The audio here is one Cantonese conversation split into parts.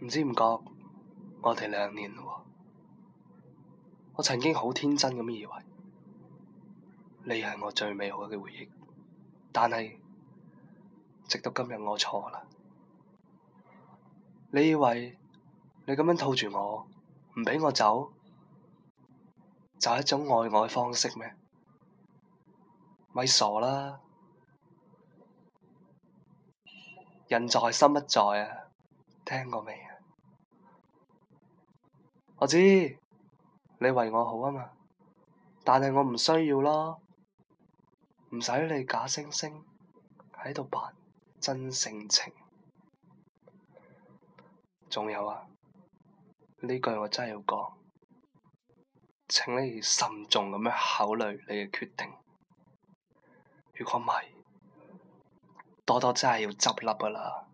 唔知唔覺，我哋兩年咯喎。我曾經好天真咁以為，你係我最美好嘅回憶，但係直到今日我錯啦。你以為你咁樣套住我，唔俾我走，就係一種愛愛方式咩？咪傻啦！人在心不在啊！聽過未啊？我知你為我好啊嘛，但係我唔需要咯，唔使你假惺惺喺度扮真性情。仲有啊，呢句我真係要講，請你慎重咁樣考慮你嘅決定。如果唔係，多多真係要執笠㗎喇。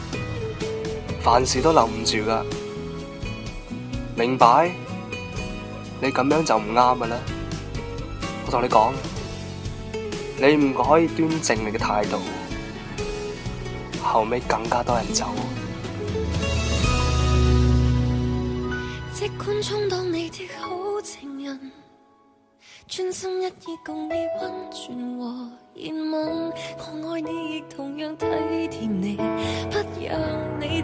凡事都留唔住㗎，明白？你咁樣就唔啱㗎啦，我同你講你唔可以端正你嘅態度，後尾更加多人走。即管充當你的好情人，專心一意共你溫存和熱吻，我愛你亦同樣體貼你。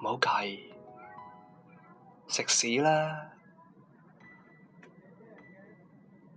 唔好計，食屎啦！